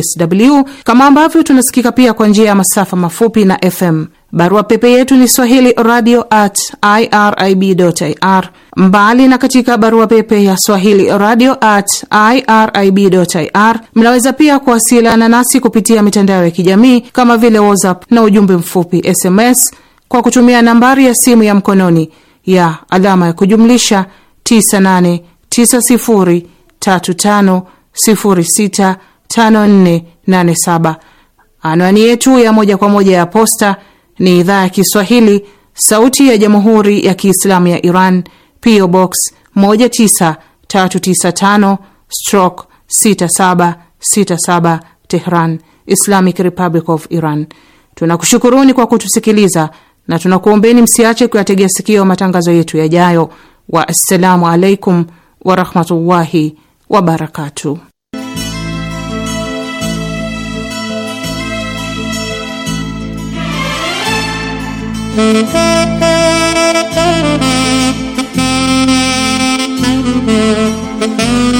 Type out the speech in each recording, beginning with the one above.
sw kama ambavyo tunasikika pia kwa njia ya masafa mafupi na FM. Barua pepe yetu ni swahili radio at irib ir, mbali na katika barua pepe ya swahili radio at irib ir, mnaweza pia kuwasiliana nasi kupitia mitandao ya kijamii kama vile WhatsApp na ujumbe mfupi SMS kwa kutumia nambari ya simu ya mkononi ya alama ya kujumlisha 989035 065487. Anwani yetu ya moja kwa moja ya posta ni idhaa ya Kiswahili, sauti ya jamhuri ya kiislamu ya Iran, PO Box 19395 stroke 6767 Tehran, Islamic Republic of Iran. Tunakushukuruni kwa kutusikiliza na tunakuombeni msiache kuyategea sikio matangazo yetu yajayo. assalamu alaikum warahmatullahi wabarakatuh. Thank you.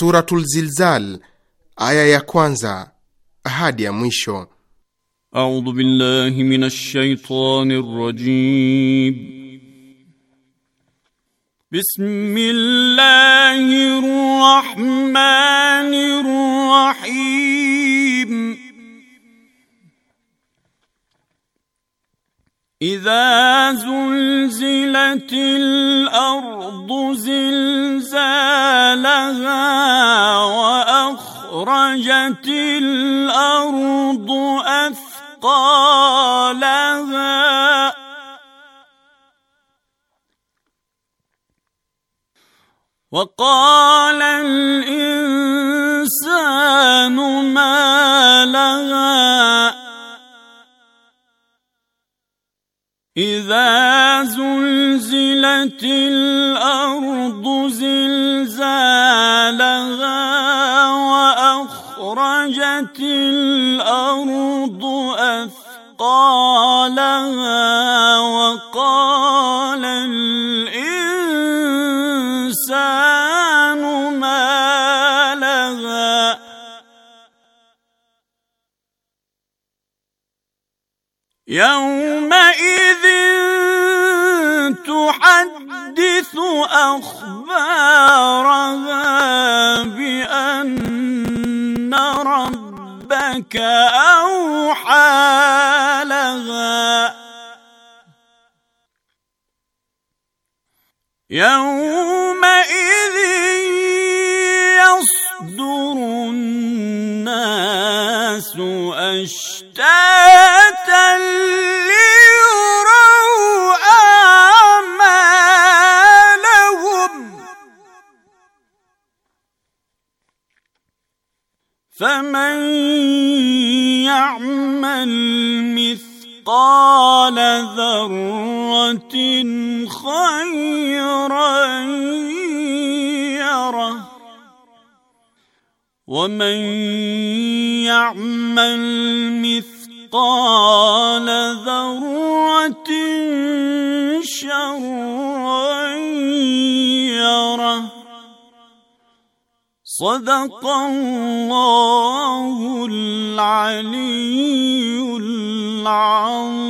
Suratul Zilzal aya ya kwanza hadi ya mwisho. A'udhu billahi minash shaitanir rajim. Bismillahir rahmanir rahim اذا زلزلت الارض زلزالها واخرجت الارض اثقالها وقال الانسان ما لها إذا زلزلت الأرض زلزالها وأخرجت الأرض أثقالها وقال الإنسان ما لها يومئذ أخبارها بأن ربك أوحى لها يومئذ يصدر الناس أشتاتا فمن يعمل مثقال ذره خيرا يره ومن يعمل مثقال ذره شرا Sadaqallahul Aliyyul Adhim.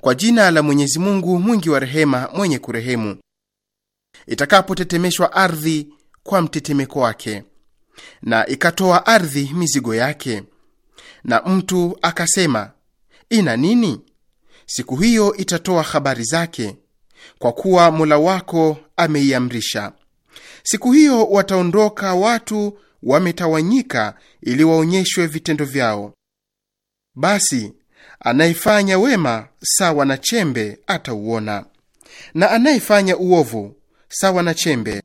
Kwa jina la Mwenyezi Mungu mwingi wa rehema mwenye kurehemu. Itakapotetemeshwa ardhi kwa mtetemeko wake, na ikatoa ardhi mizigo yake, na mtu akasema ina nini? Siku hiyo itatoa habari zake, kwa kuwa Mola wako ameiamrisha. Siku hiyo wataondoka watu wametawanyika, ili waonyeshwe vitendo vyao. Basi anayefanya wema sawa na chembe atauona, na anayefanya uovu sawa na chembe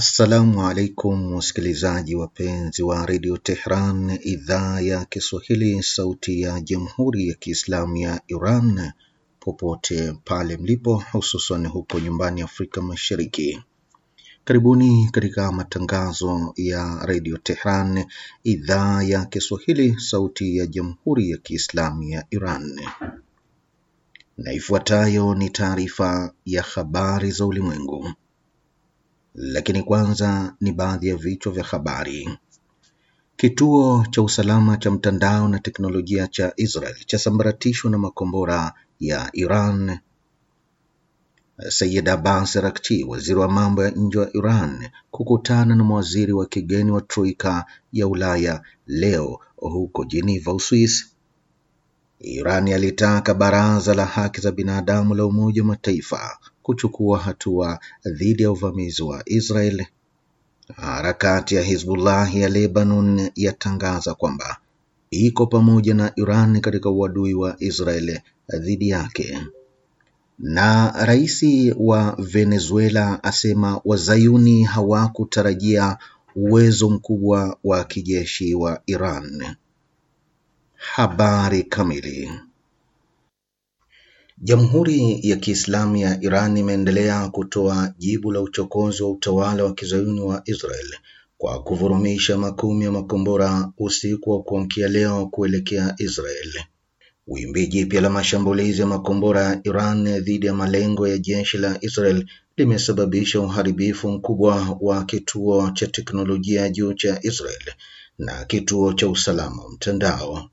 Assalamu alaikum wasikilizaji wapenzi wa redio Tehran, idhaa ya Kiswahili, sauti ya jamhuri ya kiislamu ya Iran, popote pale mlipo, hususan huko nyumbani Afrika Mashariki. Karibuni katika matangazo ya redio Tehran, idhaa ya Kiswahili, sauti ya jamhuri ya kiislamu ya Iran, na ifuatayo ni taarifa ya habari za ulimwengu lakini kwanza ni baadhi ya vichwa vya habari. Kituo cha usalama cha mtandao na teknolojia cha Israel chasambaratishwa na makombora ya Iran. Sayyid Abbas Araghchi, waziri wa mambo ya nje wa Iran, kukutana na mawaziri wa kigeni wa troika ya Ulaya leo huko Geneva, Uswisi. Iran yalitaka baraza la haki za binadamu la Umoja wa Mataifa kuchukua hatua dhidi ya uvamizi wa Israel. Harakati ya Hizbullah ya Lebanon yatangaza kwamba iko pamoja na Iran katika uadui wa Israel dhidi yake. Na rais wa Venezuela asema wazayuni hawakutarajia uwezo mkubwa wa kijeshi wa Iran. Habari kamili Jamhuri ya Kiislamu ya Iran imeendelea kutoa jibu la uchokozi wa utawala wa kizayuni wa Israel kwa kuvurumisha makumi ya makombora usiku wa kuamkia leo kuelekea Israel. Wimbi jipya la mashambulizi ya makombora ya Iran dhidi ya malengo ya jeshi la Israel limesababisha uharibifu mkubwa wa kituo cha teknolojia ya juu cha Israel na kituo cha usalama mtandao.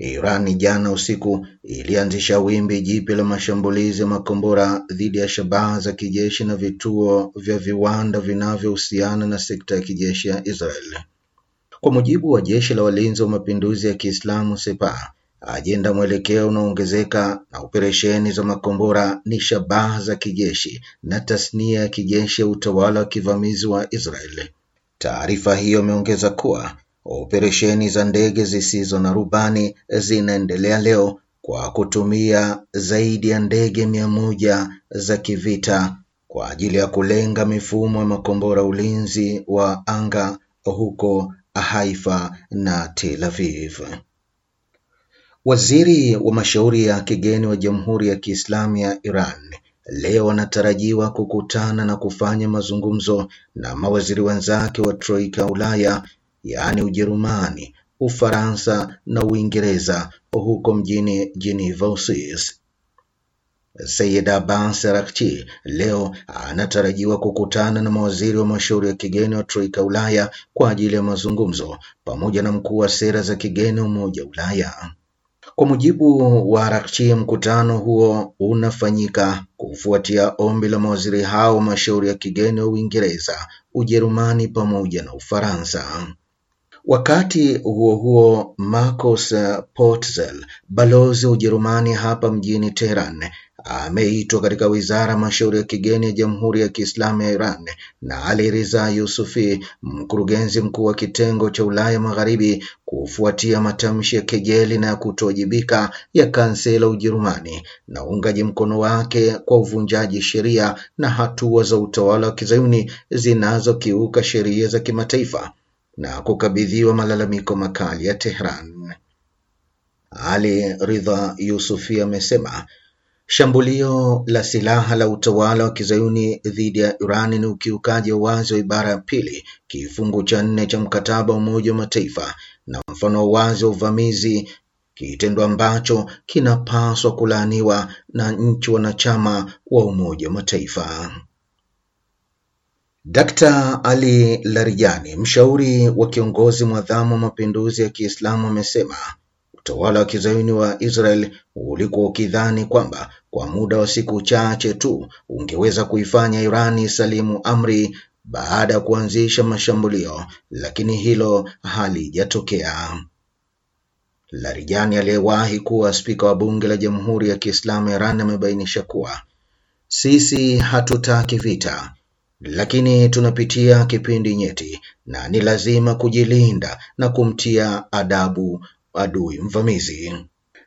Iran jana usiku ilianzisha wimbi jipya la mashambulizi ya makombora dhidi ya shabaha za kijeshi na vituo vya viwanda vinavyohusiana na sekta ya kijeshi ya Israel. Kwa mujibu wa jeshi la walinzi wa mapinduzi ya Kiislamu sepa ajenda mwelekeo unaoongezeka na operesheni za makombora ni shabaha za kijeshi na tasnia ya kijeshi ya utawala wa kivamizi wa Israel. Taarifa hiyo imeongeza kuwa Operesheni za ndege zisizo na rubani zinaendelea leo kwa kutumia zaidi ya ndege mia moja za kivita kwa ajili ya kulenga mifumo ya makombora ulinzi wa anga huko Haifa na Tel Aviv. Waziri wa mashauri ya kigeni wa Jamhuri ya Kiislamu ya Iran leo anatarajiwa kukutana na kufanya mazungumzo na mawaziri wenzake wa Troika Ulaya yaani Ujerumani, Ufaransa na Uingereza huko mjini Geneva, Uswisi. Sayyid Abbas leo anatarajiwa kukutana na mawaziri wa mashauri ya kigeni wa Troika Ulaya kwa ajili ya mazungumzo pamoja na mkuu wa sera za kigeni Umoja Ulaya. Kwa mujibu wa arakchi mkutano huo unafanyika kufuatia ombi la mawaziri hao wa mashauri ya kigeni wa Uingereza, Ujerumani pamoja na Ufaransa. Wakati huo huo, Marcos Potzel, balozi wa Ujerumani hapa mjini Teheran, ameitwa katika wizara ya mashauri ya kigeni ya Jamhuri ya Kiislamu ya Iran, na Ali Riza Yusufi, mkurugenzi mkuu wa kitengo cha Ulaya Magharibi, kufuatia matamshi ya kejeli na ya kutowajibika ya kansela Ujerumani na uungaji mkono wake kwa uvunjaji sheria na hatua za utawala wa kizayuni zinazokiuka sheria za kimataifa na kukabidhiwa malalamiko makali ya Tehran. Ali Ridha Yusufi amesema shambulio la silaha la utawala wa kizayuni dhidi ya Iran ni ukiukaji wa wazi wa ibara ya pili kifungu cha nne cha mkataba wa Umoja wa Mataifa na mfano wa wazi wa uvamizi, kitendo ambacho kinapaswa kulaaniwa na nchi wanachama wa Umoja wa Mataifa. Dkt. Ali Larijani, mshauri wa kiongozi mwadhamu wa mapinduzi ya Kiislamu, amesema utawala wa kizayuni wa Israel ulikuwa ukidhani kwamba kwa muda wa siku chache tu ungeweza kuifanya Irani salimu amri baada ya kuanzisha mashambulio, lakini hilo halijatokea. Larijani aliyewahi kuwa spika wa bunge la Jamhuri ya Kiislamu Iran amebainisha kuwa sisi hatutaki vita lakini tunapitia kipindi nyeti na ni lazima kujilinda na kumtia adabu adui mvamizi.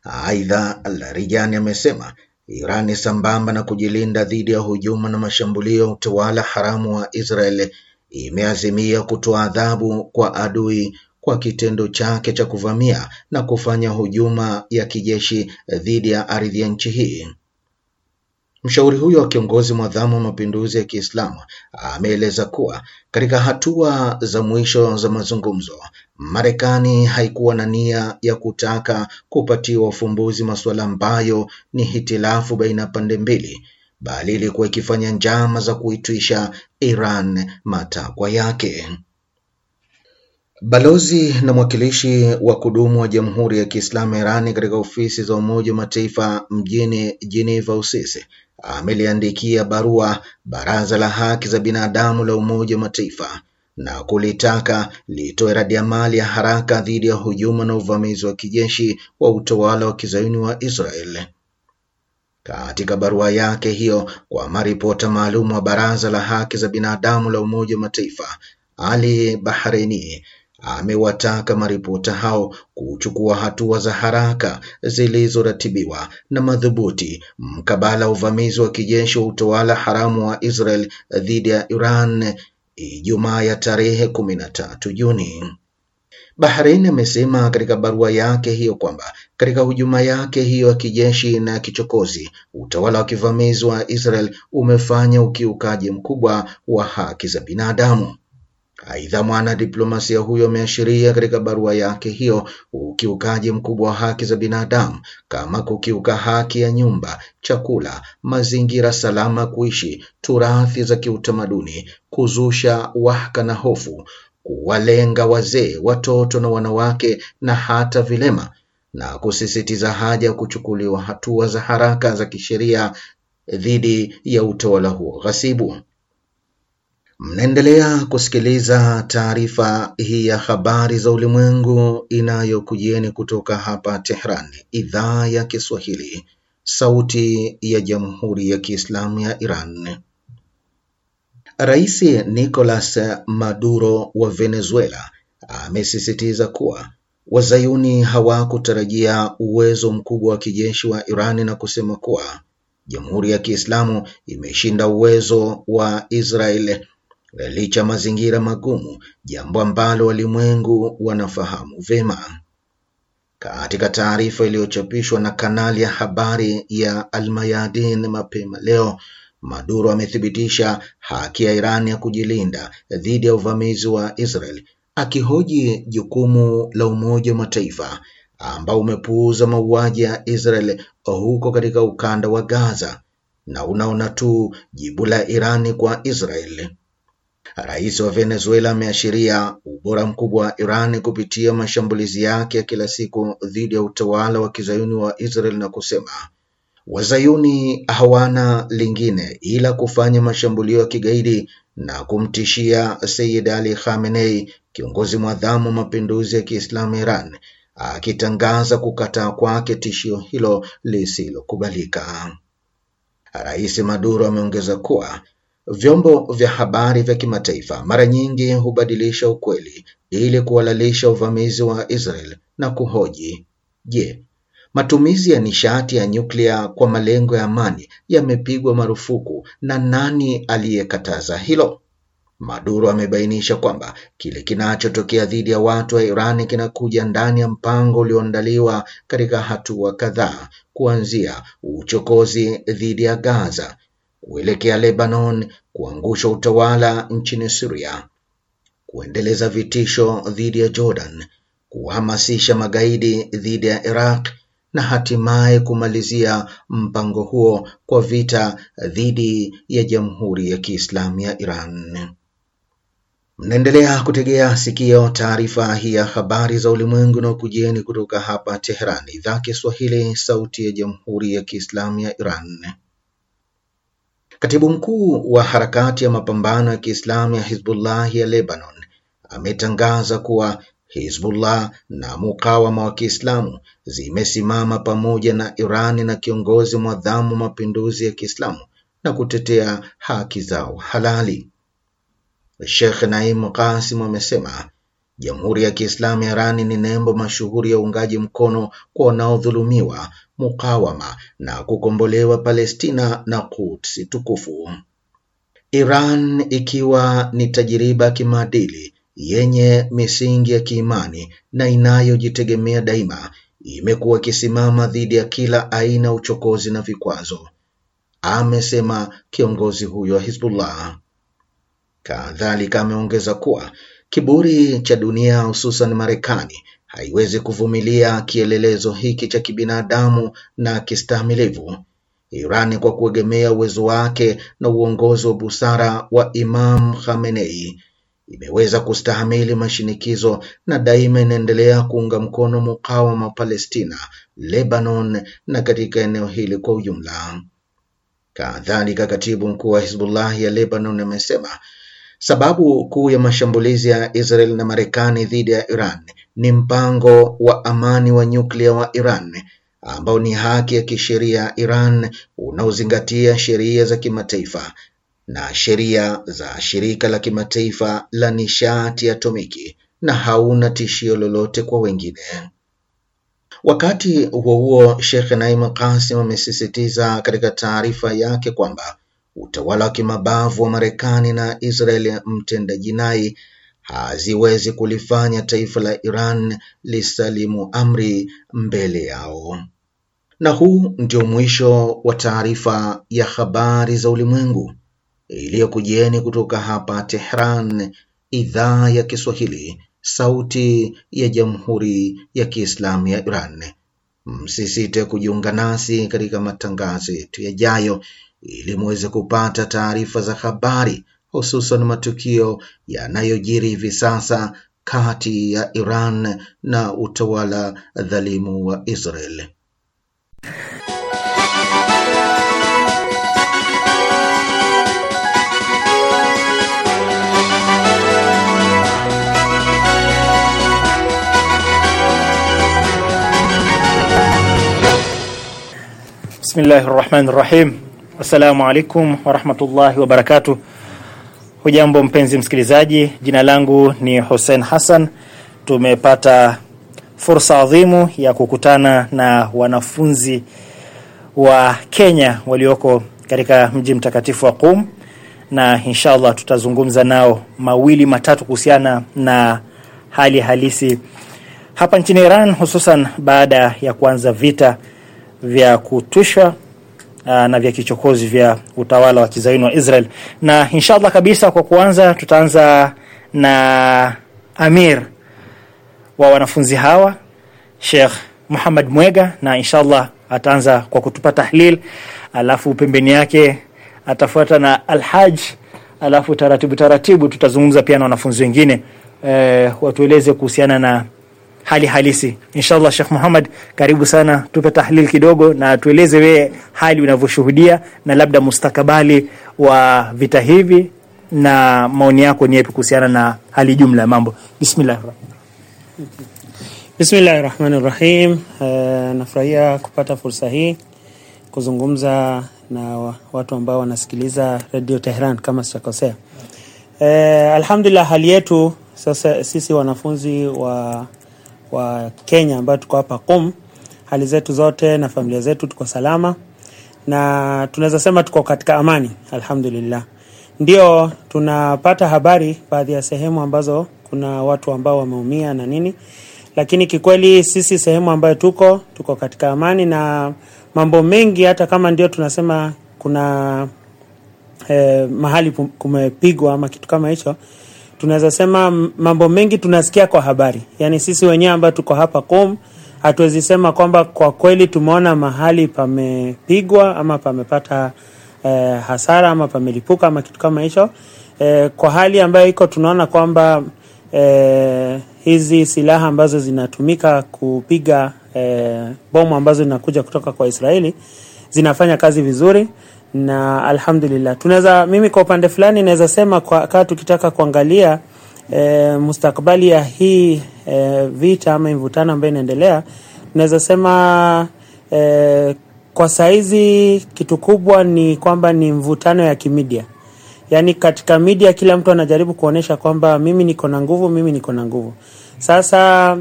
Aidha, Larijani amesema Irani sambamba na kujilinda dhidi ya hujuma na mashambulio ya utawala haramu wa Israel imeazimia kutoa adhabu kwa adui kwa kitendo chake cha kuvamia na kufanya hujuma ya kijeshi dhidi ya ardhi ya nchi hii. Mshauri huyo wa kiongozi mwadhamu wa mapinduzi ya Kiislamu ameeleza kuwa katika hatua za mwisho za mazungumzo, Marekani haikuwa na nia ya kutaka kupatiwa ufumbuzi masuala ambayo ni hitilafu baina ya pande mbili, bali ilikuwa ikifanya njama za kuitwisha Iran matakwa yake. Balozi na mwakilishi wa kudumu wa Jamhuri ya Kiislamu Irani katika ofisi za Umoja wa Mataifa mjini Geneva, Uswisi ameliandikia barua Baraza la Haki za Binadamu la Umoja wa Mataifa na kulitaka litoe radiamali ya haraka dhidi ya hujuma na uvamizi wa kijeshi wa utawala wa kizayuni wa Israel. Katika barua yake hiyo kwa maripota maalum wa Baraza la Haki za Binadamu la Umoja wa Mataifa, Ali Bahreini amewataka maripota hao kuchukua hatua za haraka zilizoratibiwa na madhubuti mkabala uvamizi wa kijeshi wa utawala haramu wa Israel dhidi ya Iran Ijumaa ya tarehe kumi na tatu Juni. Bahrain amesema katika barua yake hiyo kwamba katika hujuma yake hiyo ya kijeshi na kichokozi, utawala wa kivamizi wa Israel umefanya ukiukaji mkubwa wa haki za binadamu. Aidha, mwanadiplomasia huyo ameashiria katika barua yake hiyo ukiukaji mkubwa wa haki za binadamu kama kukiuka haki ya nyumba, chakula, mazingira salama kuishi, turathi za kiutamaduni, kuzusha wahaka na hofu, kuwalenga wazee, watoto na wanawake na hata vilema, na kusisitiza haja ya kuchukuliwa hatua za haraka za kisheria dhidi ya utawala huo ghasibu. Mnaendelea kusikiliza taarifa hii ya habari za ulimwengu inayokujieni kutoka hapa Tehran, idhaa ya Kiswahili, sauti ya Jamhuri ya Kiislamu ya Iran. Rais Nicolas Maduro wa Venezuela amesisitiza kuwa wazayuni hawakutarajia uwezo mkubwa wa kijeshi wa Iran na kusema kuwa Jamhuri ya Kiislamu imeshinda uwezo wa Israel licha mazingira magumu, jambo ambalo walimwengu wanafahamu vema Katika taarifa iliyochapishwa na kanali ya habari ya Almayadin mapema leo, Maduro amethibitisha haki ya Iran ya kujilinda dhidi ya uvamizi wa Israel, akihoji jukumu la Umoja wa Mataifa ambao umepuuza mauaji ya Israel huko katika ukanda wa Gaza na unaona tu jibu la Irani kwa Israel. Rais wa Venezuela ameashiria ubora mkubwa wa Iran kupitia mashambulizi yake ya kila siku dhidi ya utawala wa kizayuni wa Israel na kusema wazayuni hawana lingine ila kufanya mashambulio ya kigaidi na kumtishia Sayyid Ali Khamenei, kiongozi mwadhamu wa mapinduzi ya Kiislamu Iran, akitangaza kukataa kwake tishio hilo lisilokubalika. Rais Maduro ameongeza kuwa Vyombo vya habari vya kimataifa mara nyingi hubadilisha ukweli ili kuhalalisha uvamizi wa Israel na kuhoji, je, matumizi ya nishati ya nyuklia kwa malengo ya amani yamepigwa marufuku na nani aliyekataza hilo? Maduro amebainisha kwamba kile kinachotokea dhidi ya watu wa Iran kinakuja ndani ya mpango ulioandaliwa katika hatua kadhaa kuanzia uchokozi dhidi ya Gaza kuelekea Lebanon, kuangusha utawala nchini Syria, kuendeleza vitisho dhidi ya Jordan, kuhamasisha magaidi dhidi ya Iraq na hatimaye kumalizia mpango huo kwa vita dhidi ya Jamhuri ya Kiislamu ya Iran. Mnaendelea kutegea sikio taarifa hii ya habari za ulimwengu na kujieni kutoka hapa Tehran, idhaa Kiswahili, sauti ya Jamhuri ya Kiislamu ya Iran. Katibu mkuu wa harakati ya mapambano ya Kiislamu ya Hizbullah ya Lebanon ametangaza kuwa Hizbullah na mukawama wa Kiislamu zimesimama pamoja na Iran na kiongozi mwadhamu mapinduzi ya Kiislamu na kutetea haki zao halali. Sheikh Naim Qasim amesema Jamhuri ya Kiislamu ya Iran ni nembo mashuhuri ya uungaji mkono kwa wanaodhulumiwa, mukawama na kukombolewa Palestina na Quds tukufu. Iran ikiwa ni tajiriba kimaadili yenye misingi ya kiimani na inayojitegemea daima, imekuwa ikisimama dhidi ya kila aina ya uchokozi na vikwazo, amesema kiongozi huyo wa Hizbullah. Kadhalika ameongeza kuwa kiburi cha dunia hususan Marekani haiwezi kuvumilia kielelezo hiki cha kibinadamu na kistahimilivu. Irani kwa kuegemea uwezo wake na uongozi wa busara wa Imam Khamenei imeweza kustahamili mashinikizo na daima inaendelea kuunga mkono mukawama wa Palestina, Lebanon na katika eneo hili kwa ujumla. Kadhalika, katibu mkuu wa Hizbullah ya Lebanon amesema sababu kuu ya mashambulizi ya Israel na Marekani dhidi ya Iran ni mpango wa amani wa nyuklia wa Iran ambao ni haki ya kisheria Iran unaozingatia sheria za kimataifa na sheria za shirika la kimataifa la nishati atomiki na hauna tishio lolote kwa wengine. Wakati huo huo, Sheikh Naim Qasim amesisitiza katika taarifa yake kwamba utawala wa kimabavu wa Marekani na Israeli mtenda jinai haziwezi kulifanya taifa la Iran lisalimu amri mbele yao. Na huu ndio mwisho wa taarifa ya habari za ulimwengu iliyokujieni kutoka hapa Tehran, idhaa ya Kiswahili, sauti ya Jamhuri ya Kiislamu ya Iran. Msisite kujiunga nasi katika matangazo yetu yajayo ili muweze kupata taarifa za habari hususan matukio yanayojiri hivi sasa kati ya Iran na utawala dhalimu wa Israel. Bismillahi rahmani rahim. Assalamu alaikum warahmatullahi wabarakatuh. Hujambo mpenzi msikilizaji, jina langu ni Hussein Hassan. Tumepata fursa adhimu ya kukutana na wanafunzi wa Kenya walioko katika mji mtakatifu wa Qum, na inshallah tutazungumza nao mawili matatu kuhusiana na hali halisi hapa nchini Iran, hususan baada ya kuanza vita vya kutwishwa Uh, na vya kichokozi vya utawala wa kizaini wa Israel. Na inshallah kabisa, kwa kuanza, tutaanza na amir wa wanafunzi hawa Sheikh Muhammad Mwega, na inshallah ataanza kwa kutupa tahlil, alafu pembeni yake atafuata na Alhaj, alafu taratibu taratibu tutazungumza pia na wanafunzi wengine e, watueleze kuhusiana na hali halisi. Inshallah, Sheikh Muhammad, karibu sana, tupe tahlil kidogo na tueleze wewe hali unavyoshuhudia na labda mustakabali wa vita hivi na maoni yako ni yapi kuhusiana na hali jumla ya mambo. Bismillah. Bismillahir Rahmanir Rahim. Uh, eh, nafurahia kupata fursa hii kuzungumza na watu ambao wanasikiliza Radio Tehran kama sitakosea. Uh, alhamdulillah hali yetu sasa sisi wanafunzi wa wa Kenya ambayo tuko hapa Qom, hali zetu zote na familia zetu tuko salama na tunaweza sema tuko katika amani alhamdulillah. Ndio tunapata habari baadhi ya sehemu ambazo kuna watu ambao wameumia na nini, lakini kikweli sisi sehemu ambayo tuko tuko katika amani na mambo mengi, hata kama ndio tunasema kuna eh, mahali kumepigwa ama kitu kama hicho tunaweza sema mambo mengi tunasikia kwa habari, yaani sisi wenyewe ambayo tuko hapa kom hatuwezi sema kwamba kwa kweli tumeona mahali pamepigwa ama pamepata eh, hasara ama pamelipuka ama kitu kama hicho eh, kwa hali ambayo iko tunaona kwamba eh, hizi silaha ambazo zinatumika kupiga eh, bomu ambazo zinakuja kutoka kwa Israeli zinafanya kazi vizuri na alhamdulillah, tunaweza mimi kwa upande fulani naweza sema kwa kaa tukitaka kuangalia e, mustakbali ya hii e, vita ama mvutano ambayo inaendelea, tunaweza sema e, kwa saizi kitu kubwa ni kwamba ni mvutano ya kimidia, yaani katika media kila mtu anajaribu kuonesha kwamba mimi niko na nguvu, mimi niko na nguvu. Sasa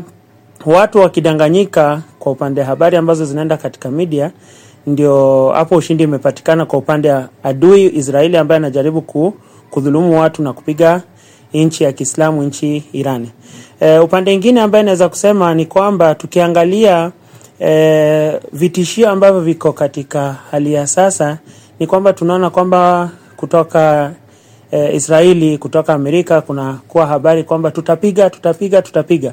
watu wakidanganyika kwa upande habari ambazo zinaenda katika media ndio hapo ushindi imepatikana kwa upande wa adui Israeli ambaye anajaribu ku, kudhulumu watu na kupiga nchi ya Kiislamu nchi Irani. E, upande mwingine ambaye naweza kusema ni kwamba tukiangalia e, vitishio ambavyo viko katika hali ya sasa ni kwamba tunaona kwamba kutoka e, Israeli kutoka Amerika kuna kuwa habari kwamba tutapiga tutapiga tutapiga.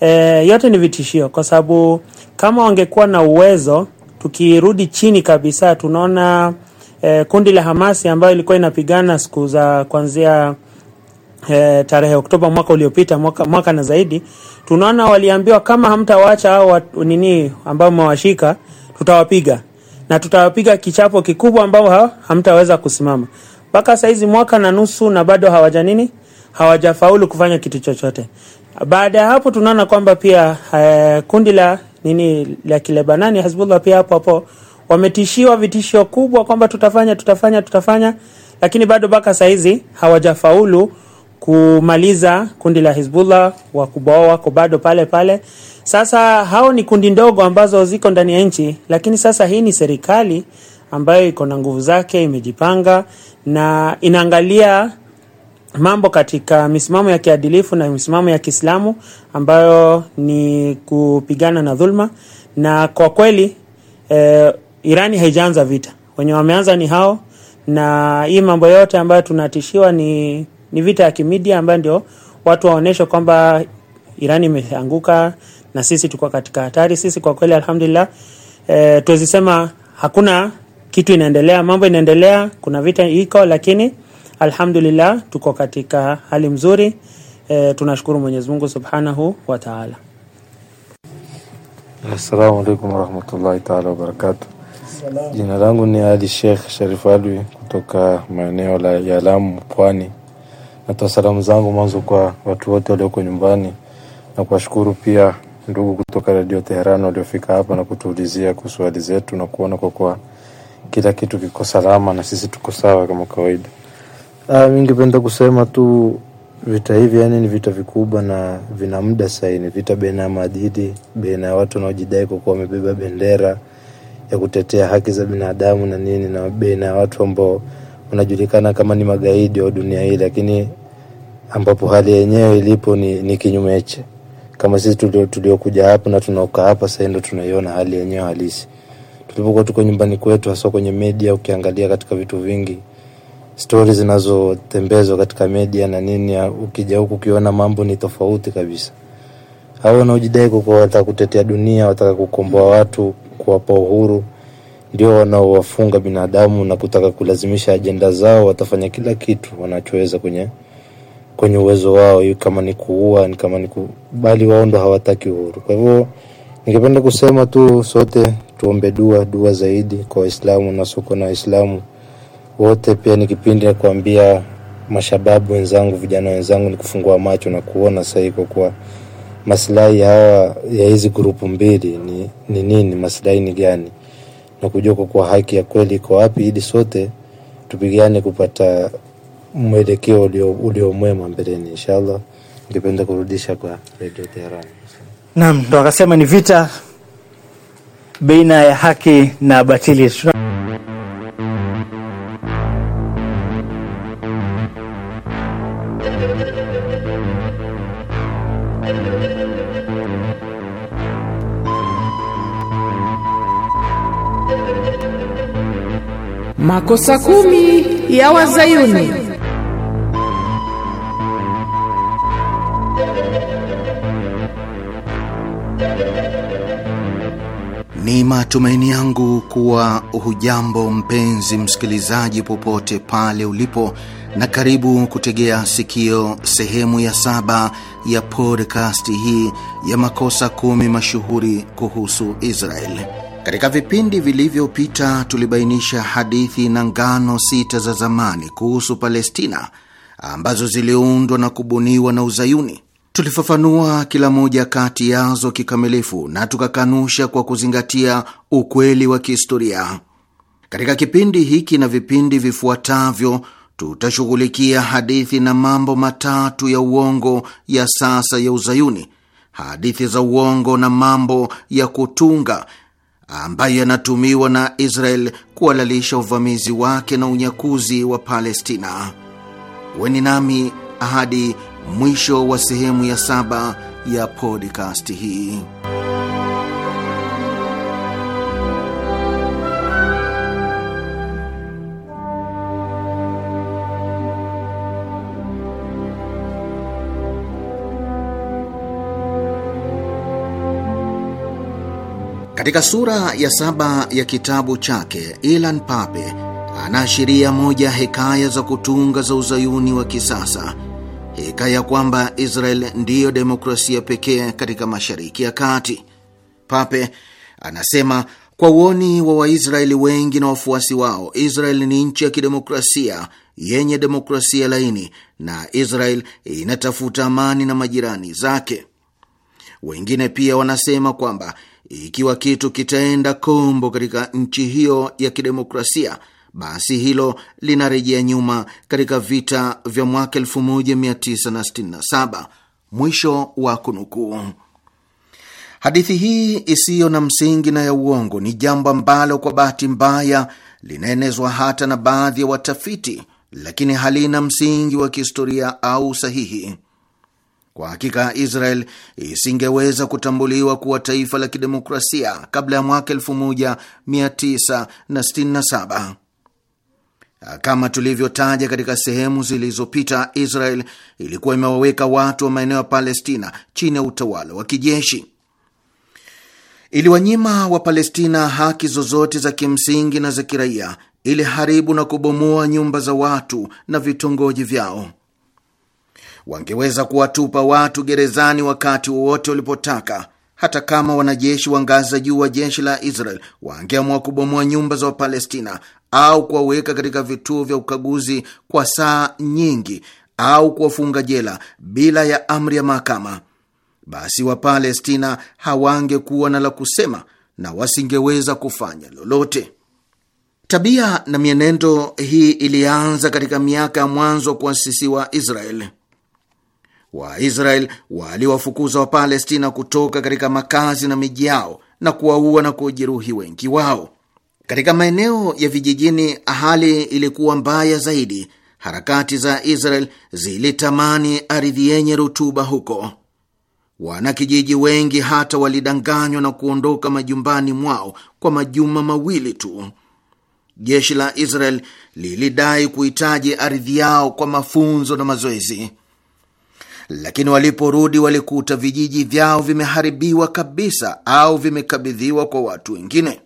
E, yote ni vitishio kwa sababu kama wangekuwa na uwezo tukirudi chini kabisa tunaona e, kundi la Hamasi ambayo ilikuwa inapigana siku za kuanzia e, tarehe Oktoba mwaka uliopita mwaka, mwaka na zaidi, tunaona waliambiwa kama hamtawacha au nini ambao mmewashika tutawapiga na tutawapiga kichapo kikubwa ambao ha, hamtaweza kusimama. Mpaka saizi mwaka na nusu na bado hawaja nini, hawajafaulu kufanya kitu chochote. Baada ya hapo tunaona kwamba pia e, kundi la nini la Kilebanani Hezbollah pia hapo hapo wametishiwa vitisho kubwa kwamba tutafanya tutafanya tutafanya, lakini bado mpaka saa hizi hawajafaulu kumaliza kundi la Hizbullah. Wakubwa wao wako bado pale pale. Sasa hao ni kundi ndogo ambazo ziko ndani ya nchi, lakini sasa hii ni serikali ambayo iko na nguvu zake, imejipanga na inaangalia mambo katika misimamo ya kiadilifu na misimamo ya Kiislamu ambayo ni kupigana na dhulma, na kwa kweli eh, Irani haijaanza vita, wenye wameanza ni hao, na hii mambo yote ambayo tunatishiwa ni, ni vita ya kimidia ambayo ndio watu waoneshe kwamba Irani imeanguka na sisi tuko katika hatari. Sisi kwa kweli alhamdulillah, eh, tuwezisema hakuna kitu inaendelea, mambo inaendelea, kuna vita iko lakini Alhamdulillah, tuko katika hali mzuri e, tunashukuru Mwenyezi Mungu Subhanahu wa Ta'ala. Assalamu alaykum warahmatullahi ta'ala wabarakatuh. Jina langu ni Ali Sheikh Sharif Alwi kutoka maeneo la ya Lamu Pwani. Natoa salamu zangu mwanzo kwa watu wote walioko nyumbani na kuwashukuru pia ndugu kutoka Radio Tehran waliofika hapa na kutuulizia kuswali zetu na kuona kwa kuwa kila kitu kiko salama na sisi tuko sawa kama kawaida. Ah, ningependa kusema tu vita hivi yani ni vita vikubwa na vina muda saini, vita baina ya madidi, baina ya watu wanaojidai kwa kuwa wamebeba bendera ya kutetea haki za binadamu na nini, na baina ya watu ambao wanajulikana kama ni magaidi wa dunia hii, lakini ambapo hali yenyewe ilipo ni, ni kinyumeche. Kama sisi tuliokuja hapa na tunaokaa hapa sasa, ndio tunaiona hali yenyewe halisi. Tulipokuwa tuko nyumbani kwetu, hasa kwenye media, ukiangalia katika vitu vingi stori zinazotembezwa katika media na nini, ukija huku ukiona mambo ni tofauti kabisa. Hao wanaojidai kuwa wataka kutetea dunia, wataka kukomboa watu, kuwapa uhuru, ndio wanaowafunga binadamu na kutaka kulazimisha ajenda zao. Watafanya kila kitu wanachoweza kwenye kwenye uwezo wao, kama ni kuua, kama ni bali wao ndo hawataki uhuru. Kwa hivyo ningependa kusema tu sote tuombe dua, dua zaidi kwa Waislamu na soko na Waislamu wote. Pia ni kipindi ya kuambia mashababu wenzangu, vijana wenzangu, ni kufungua macho na kuona sahihi, kwa kuwa maslahi hawa ya hizi grupu mbili ni, ni nini, maslahi ni gani, na kujua kwa kuwa haki ya kweli iko wapi, ili sote tupigane kupata mwelekeo ulio mwema mbeleni, inshallah. Ningependa kurudisha kwa Radio Tehran. Naam, ndo akasema ni vita baina ya haki na batili. Makosa kumi ya Wazayuni. Ni matumaini yangu kuwa hujambo mpenzi msikilizaji, popote pale ulipo, na karibu kutegea sikio sehemu ya saba ya podcast hii ya makosa kumi mashuhuri kuhusu Israeli. Katika vipindi vilivyopita tulibainisha hadithi na ngano sita za zamani kuhusu Palestina ambazo ziliundwa na kubuniwa na Uzayuni. Tulifafanua kila moja kati yazo kikamilifu na tukakanusha kwa kuzingatia ukweli wa kihistoria. Katika kipindi hiki na vipindi vifuatavyo, tutashughulikia hadithi na mambo matatu ya uongo ya sasa ya Uzayuni, hadithi za uongo na mambo ya kutunga ambayo yanatumiwa na Israel kuhalalisha uvamizi wake na unyakuzi wa Palestina. Weni nami hadi mwisho wa sehemu ya saba ya podcast hii. Katika sura ya saba ya kitabu chake Ilan Pape anaashiria moja hekaya za kutunga za uzayuni wa kisasa, hekaya kwamba Israel ndiyo demokrasia pekee katika Mashariki ya Kati. Pape anasema kwa uoni wa Waisraeli wengi na wafuasi wao, Israel ni nchi ya kidemokrasia yenye demokrasia laini, na Israel inatafuta amani na majirani zake. Wengine pia wanasema kwamba ikiwa kitu kitaenda kombo katika nchi hiyo ya kidemokrasia, basi hilo linarejea nyuma katika vita vya mwaka 1967. Mwisho wa kunukuu. Hadithi hii isiyo na msingi na ya uongo ni jambo ambalo kwa bahati mbaya linaenezwa hata na baadhi ya watafiti, lakini halina msingi wa kihistoria au sahihi. Kwa hakika Israel isingeweza kutambuliwa kuwa taifa la kidemokrasia kabla ya mwaka 1967. Kama tulivyotaja katika sehemu zilizopita, Israel ilikuwa imewaweka watu wa maeneo ya Palestina chini ya utawala wa kijeshi. Iliwanyima Wapalestina haki zozote za kimsingi na za kiraia, iliharibu na kubomoa nyumba za watu na vitongoji vyao wangeweza kuwatupa watu gerezani wakati wowote walipotaka. Hata kama wanajeshi wa ngazi za juu wa jeshi la Israel wangeamua kubomoa nyumba za Wapalestina au kuwaweka katika vituo vya ukaguzi kwa saa nyingi au kuwafunga jela bila ya amri ya mahakama, basi Wapalestina hawangekuwa na la kusema na wasingeweza kufanya lolote. Tabia na mienendo hii ilianza katika miaka ya mwanzo wa kuasisiwa Israel. Waisrael waliwafukuza Wapalestina kutoka katika makazi na miji yao na kuwaua na kujeruhi wengi wao. Katika maeneo ya vijijini, hali ilikuwa mbaya zaidi. Harakati za Israel zilitamani ardhi yenye rutuba huko. Wanakijiji wengi hata walidanganywa na kuondoka majumbani mwao kwa majuma mawili tu. Jeshi la Israel lilidai kuhitaji ardhi yao kwa mafunzo na mazoezi lakini waliporudi walikuta vijiji vyao vimeharibiwa kabisa au vimekabidhiwa kwa watu wengine.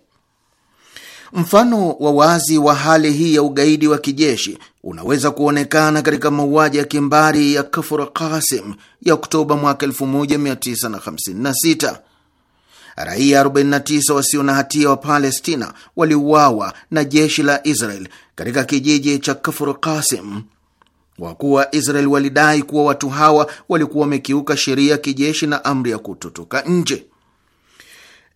Mfano wa wazi wa hali hii ya ugaidi wa kijeshi unaweza kuonekana katika mauaji ya kimbari ya Kafur kasim ya Oktoba mwaka 1956. Raia 49 wasio na hatia wa Palestina waliuawa na jeshi la Israel katika kijiji cha Kafur kasim kwa kuwa Israel walidai kuwa watu hawa walikuwa wamekiuka sheria ya kijeshi na amri ya kutotoka nje.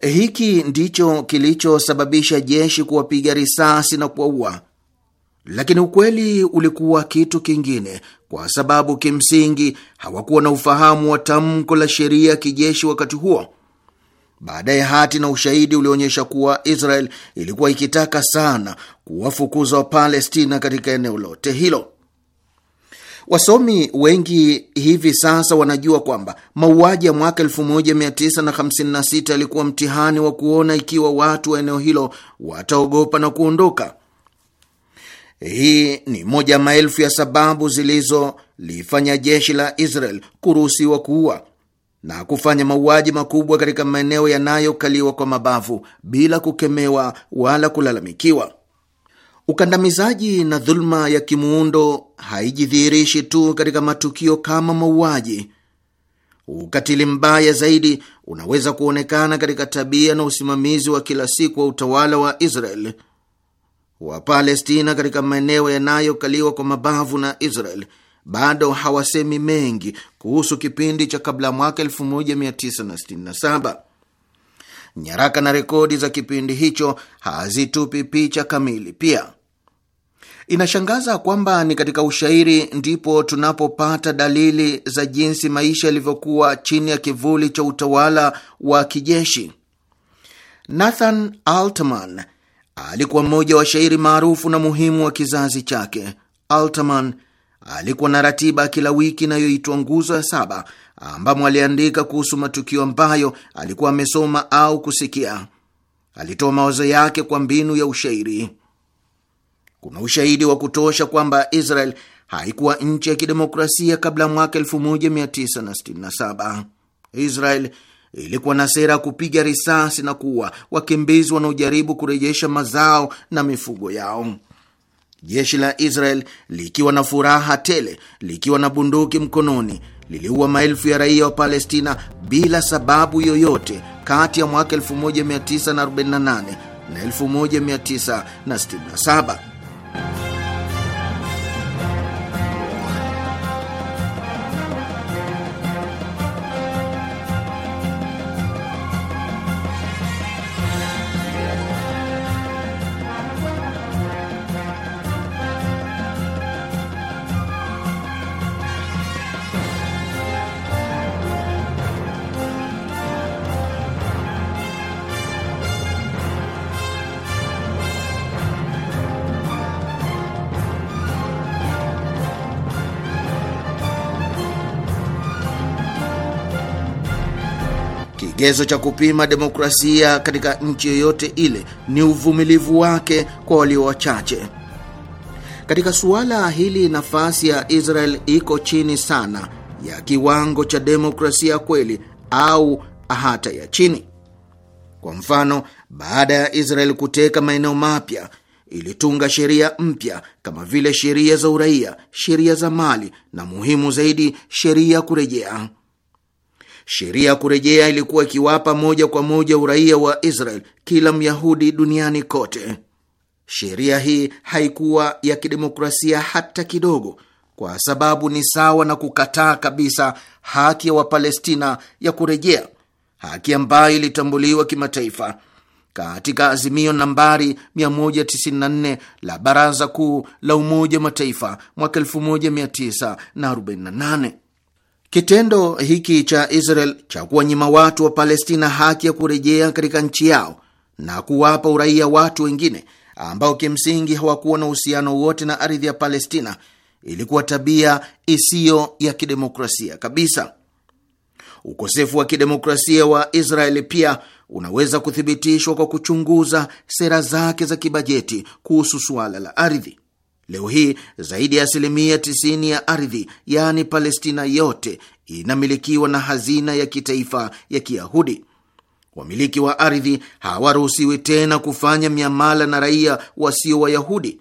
Eh, hiki ndicho kilichosababisha jeshi kuwapiga risasi na kuwaua, lakini ukweli ulikuwa kitu kingine, kwa sababu kimsingi hawakuwa na ufahamu wa tamko la sheria ya kijeshi wakati huo. Baadaye hati na ushahidi ulionyesha kuwa Israel ilikuwa ikitaka sana kuwafukuza Wapalestina katika eneo lote hilo. Wasomi wengi hivi sasa wanajua kwamba mauaji ya mwaka 1956 yalikuwa mtihani wa kuona ikiwa watu wa eneo hilo wataogopa na kuondoka. Hii ni moja ya maelfu ya sababu zilizolifanya jeshi la Israel kuruhusiwa kuua na kufanya mauaji makubwa katika maeneo yanayokaliwa kwa mabavu bila kukemewa wala kulalamikiwa. Ukandamizaji na dhuluma ya kimuundo haijidhihirishi tu katika matukio kama mauaji. Ukatili mbaya zaidi unaweza kuonekana katika tabia na usimamizi wa kila siku wa utawala wa Israel. Wapalestina katika maeneo yanayokaliwa kwa mabavu na Israel bado hawasemi mengi kuhusu kipindi cha kabla mwaka 1967. Nyaraka na rekodi za kipindi hicho hazitupi picha kamili pia Inashangaza kwamba ni katika ushairi ndipo tunapopata dalili za jinsi maisha yalivyokuwa chini ya kivuli cha utawala wa kijeshi. Nathan Altman alikuwa mmoja wa shairi maarufu na muhimu wa kizazi chake. Altman alikuwa na ratiba kila wiki inayoitwa Nguzo ya Saba, ambamo aliandika kuhusu matukio ambayo alikuwa amesoma au kusikia. Alitoa mawazo yake kwa mbinu ya ushairi. Kuna ushahidi wa kutosha kwamba Israel haikuwa nchi ya kidemokrasia kabla ya mwaka 1967. Israel ilikuwa na sera ya kupiga risasi na kuua wakimbizi wanaojaribu kurejesha mazao na mifugo yao. Jeshi la Israel likiwa na furaha tele, likiwa na bunduki mkononi, liliua maelfu ya raia wa Palestina bila sababu yoyote kati ya mwaka 1948 na 1967. Thank you. Kigezo cha kupima demokrasia katika nchi yoyote ile ni uvumilivu wake kwa walio wachache. Katika suala hili, nafasi ya Israel iko chini sana ya kiwango cha demokrasia kweli au hata ya chini. Kwa mfano, baada ya Israel kuteka maeneo mapya ilitunga sheria mpya kama vile sheria za uraia, sheria za mali na muhimu zaidi, sheria ya kurejea. Sheria ya kurejea ilikuwa ikiwapa moja kwa moja uraia wa Israel kila Myahudi duniani kote. Sheria hii haikuwa ya kidemokrasia hata kidogo, kwa sababu ni sawa na kukataa kabisa haki ya Wapalestina ya kurejea, haki ambayo ilitambuliwa kimataifa katika azimio nambari 194 la Baraza Kuu la Umoja Mataifa mwaka 1948. Kitendo hiki cha Israel cha kuwanyima watu wa Palestina haki ya kurejea katika nchi yao na kuwapa uraia watu wengine ambao kimsingi hawakuwa na uhusiano wote na ardhi ya Palestina ilikuwa tabia isiyo ya kidemokrasia kabisa. Ukosefu wa kidemokrasia wa Israeli pia unaweza kuthibitishwa kwa kuchunguza sera zake za kibajeti kuhusu suala la ardhi. Leo hii zaidi ya asilimia 90 ya ardhi yaani Palestina yote inamilikiwa na hazina ya kitaifa ya Kiyahudi. Wamiliki wa ardhi hawaruhusiwi tena kufanya miamala na raia wasio Wayahudi,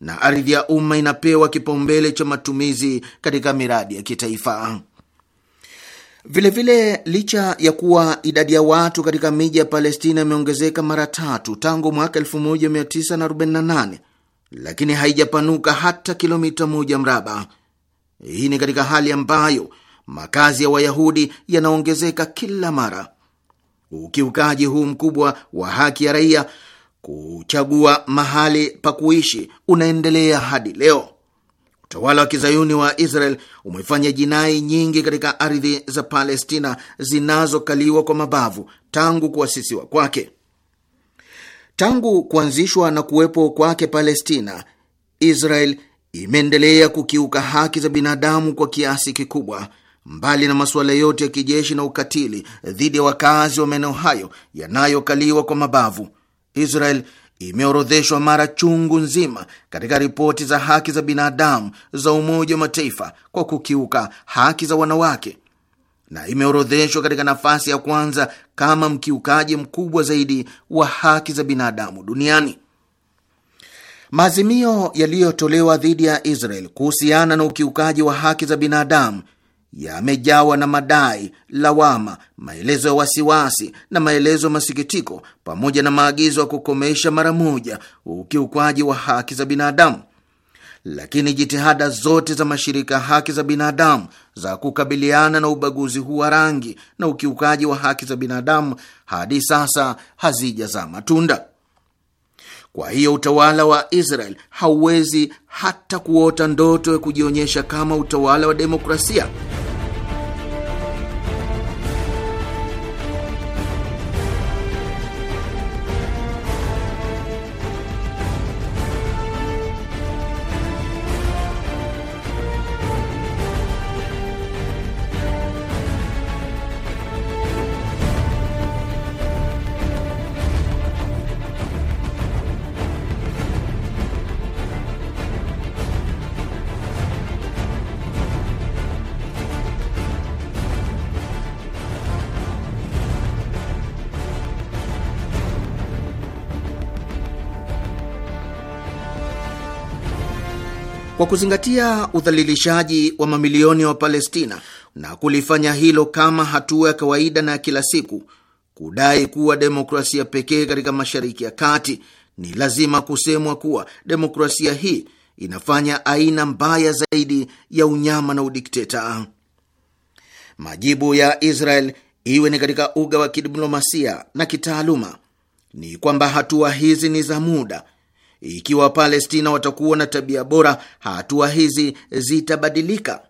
na ardhi ya umma inapewa kipaumbele cha matumizi katika miradi ya kitaifa. Vilevile vile, licha ya kuwa idadi ya watu katika miji ya Palestina imeongezeka mara tatu tangu mwaka 1948 lakini haijapanuka hata kilomita moja mraba. Hii ni katika hali ambayo makazi ya Wayahudi yanaongezeka kila mara. Ukiukaji huu mkubwa wa haki ya raia kuchagua mahali pa kuishi unaendelea hadi leo. Utawala wa kizayuni wa Israel umefanya jinai nyingi katika ardhi za Palestina zinazokaliwa kwa mabavu tangu kuasisiwa kwake. Tangu kuanzishwa na kuwepo kwake Palestina, Israel imeendelea kukiuka haki za binadamu kwa kiasi kikubwa. Mbali na masuala yote ya kijeshi na ukatili dhidi ya wakazi wa maeneo hayo yanayokaliwa kwa mabavu, Israel imeorodheshwa mara chungu nzima katika ripoti za haki za binadamu za Umoja wa Mataifa kwa kukiuka haki za wanawake, na imeorodheshwa katika nafasi ya kwanza kama mkiukaji mkubwa zaidi wa haki za binadamu duniani. Maazimio yaliyotolewa dhidi ya Israel kuhusiana na ukiukaji wa haki za binadamu yamejawa na madai, lawama, maelezo ya wasiwasi na maelezo ya masikitiko, pamoja na maagizo ya kukomesha mara moja ukiukwaji wa haki za binadamu lakini jitihada zote za mashirika ya haki za binadamu za kukabiliana na ubaguzi huu wa rangi na ukiukaji wa haki za binadamu hadi sasa hazijazaa matunda. Kwa hiyo utawala wa Israel hauwezi hata kuota ndoto ya kujionyesha kama utawala wa demokrasia kwa kuzingatia udhalilishaji wa mamilioni ya wa palestina na kulifanya hilo kama hatua ya kawaida na ya kila siku, kudai kuwa demokrasia pekee katika Mashariki ya Kati, ni lazima kusemwa kuwa demokrasia hii inafanya aina mbaya zaidi ya unyama na udikteta. Majibu ya Israel, iwe ni katika uga wa kidiplomasia na kitaaluma, ni kwamba hatua hizi ni za muda ikiwa Wapalestina watakuwa na tabia bora, hatua hizi zitabadilika.